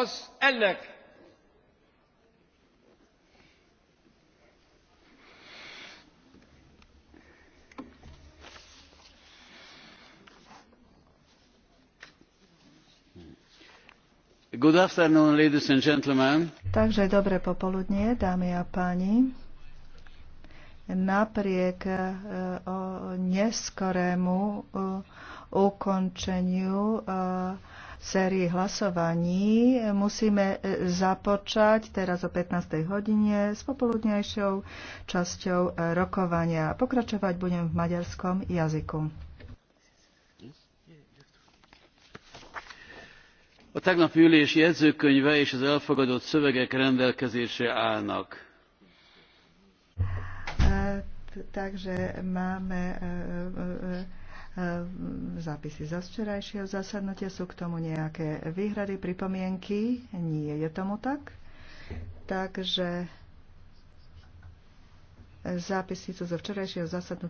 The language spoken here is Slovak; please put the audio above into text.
az ennek Good afternoon, ladies and gentlemen. Takže dobre popoludnie, dámy a páni. Napriek uh, neskorému uh, ukončeniu uh, sérii hlasovaní. Musíme e, započať teraz o 15. hodine s popoludnejšou časťou e, rokovania. Pokračovať budem v maďarskom jazyku. A tegnapi ülés jegyzőkönyve és az elfogadott szövegek rendelkezésre állnak. E, takže máme uh, zápisy zo včerajšieho zasadnutia. Sú k tomu nejaké výhrady, pripomienky? Nie je tomu tak. Takže zápisy zo včerajšieho zasadnutia.